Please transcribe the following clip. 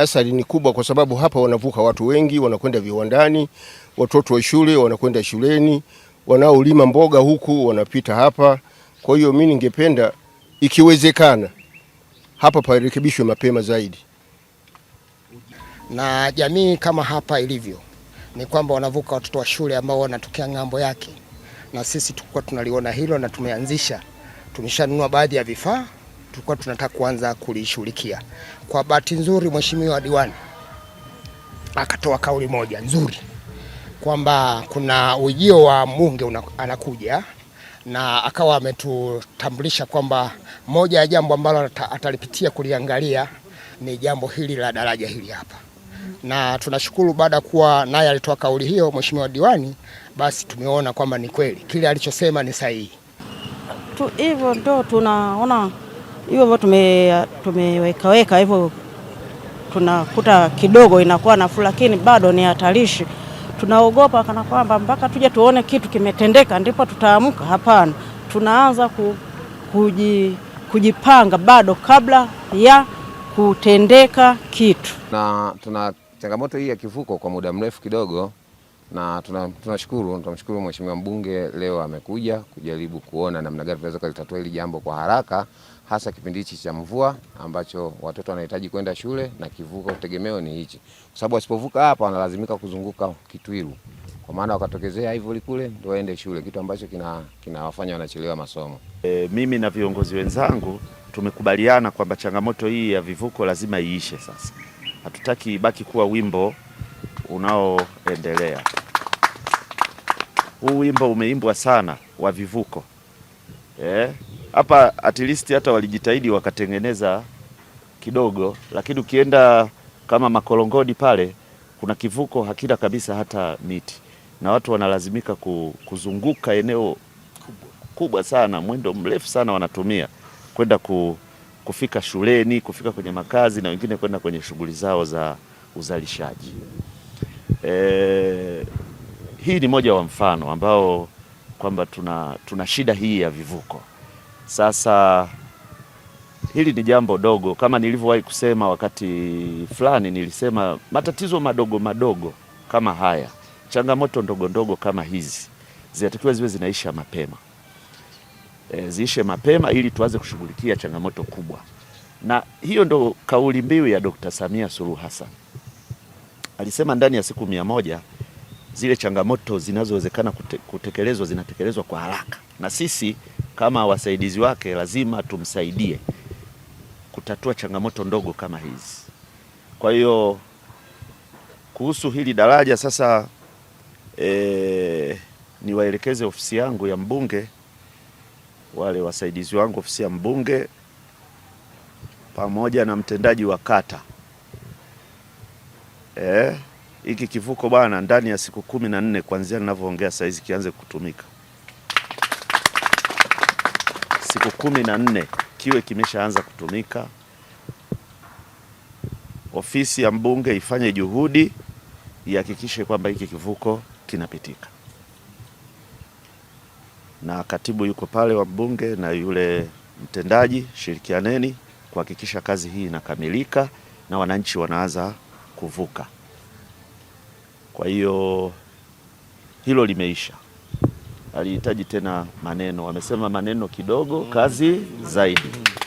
athari ni kubwa, kwa sababu hapa wanavuka watu wengi, wanakwenda viwandani, watoto wa shule wanakwenda shuleni, wanaolima mboga huku wanapita hapa. Kwa hiyo mimi ningependa ikiwezekana hapa parekebishwe mapema zaidi, na jamii kama hapa ilivyo ni kwamba wanavuka watoto wa shule ambao wanatokea ng'ambo yake, na sisi tukuwa tunaliona hilo na tumeanzisha, tumeshanunua baadhi ya vifaa tulikuwa tunataka kuanza kulishughulikia. Kwa bahati nzuri, mheshimiwa diwani akatoa kauli moja nzuri kwamba kuna ujio wa mbunge anakuja na akawa ametutambulisha kwamba moja ya jambo ambalo atalipitia kuliangalia ni jambo hili la daraja hili hapa, na tunashukuru baada ya kuwa naye alitoa kauli hiyo, mheshimiwa diwani, basi tumeona kwamba ni kweli kile alichosema ni sahihi. Hivyo ndo tunaona hivyo hivyo tume tumewekaweka hivyo, tunakuta kidogo inakuwa nafuu, lakini bado ni hatarishi. Tunaogopa kana kwamba mpaka tuje tuone kitu kimetendeka ndipo tutaamka. Hapana, tunaanza ku, kuji, kujipanga bado kabla ya kutendeka kitu, na tuna changamoto hii ya kivuko kwa muda mrefu kidogo na tunashukuru, tunamshukuru mheshimiwa mbunge leo amekuja kujaribu kuona namna gani tunaweza kulitatua hili jambo kwa haraka, hasa kipindi hichi cha mvua ambacho watoto wanahitaji kwenda shule na kivuko tegemeo ni hichi, kwa sababu wasipovuka hapa wanalazimika kuzunguka Kitwiru, kwa maana wakatokezea Ivoli kule ndio waende shule, kitu ambacho kinawafanya kina wanachelewa masomo. E, mimi na viongozi wenzangu tumekubaliana kwamba changamoto hii ya vivuko lazima iishe sasa. Hatutaki ibaki kuwa wimbo unaoendelea huu wimbo umeimbwa sana wa vivuko eh, hapa eh, at least hata walijitahidi wakatengeneza kidogo, lakini ukienda kama Makolongodi pale kuna kivuko hakina kabisa hata miti, na watu wanalazimika kuzunguka eneo kubwa sana, mwendo mrefu sana wanatumia kwenda ku, kufika shuleni, kufika kwenye makazi na wengine kwenda kwenye shughuli zao za uzalishaji eh, hii ni moja wa mfano ambao kwamba tuna, tuna shida hii ya vivuko. Sasa hili ni jambo dogo, kama nilivyowahi kusema wakati fulani, nilisema matatizo madogo madogo kama haya, changamoto ndogo ndogo kama hizi zinatakiwa ziwe zinaisha mapema e, ziishe mapema ili tuanze kushughulikia changamoto kubwa, na hiyo ndo kauli mbiu ya Dr. Samia Suluhu Hassan. Alisema ndani ya siku mia moja zile changamoto zinazowezekana kute, kutekelezwa zinatekelezwa kwa haraka, na sisi kama wasaidizi wake lazima tumsaidie kutatua changamoto ndogo kama hizi. Kwa hiyo kuhusu hili daraja sasa, e, niwaelekeze ofisi yangu ya mbunge, wale wasaidizi wangu ofisi ya mbunge pamoja na mtendaji wa kata e, hiki kivuko bwana, ndani ya siku kumi na nne kuanzia ninavyoongea saa hizi kianze kutumika, siku kumi na nne kiwe kimeshaanza kutumika. Ofisi ya mbunge ifanye juhudi ihakikishe kwamba hiki kivuko kinapitika, na katibu yuko pale wa mbunge na yule mtendaji, shirikianeni kuhakikisha kazi hii inakamilika na wananchi wanaanza kuvuka. Kwa hiyo hilo limeisha, alihitaji tena maneno. Amesema maneno kidogo, kazi zaidi.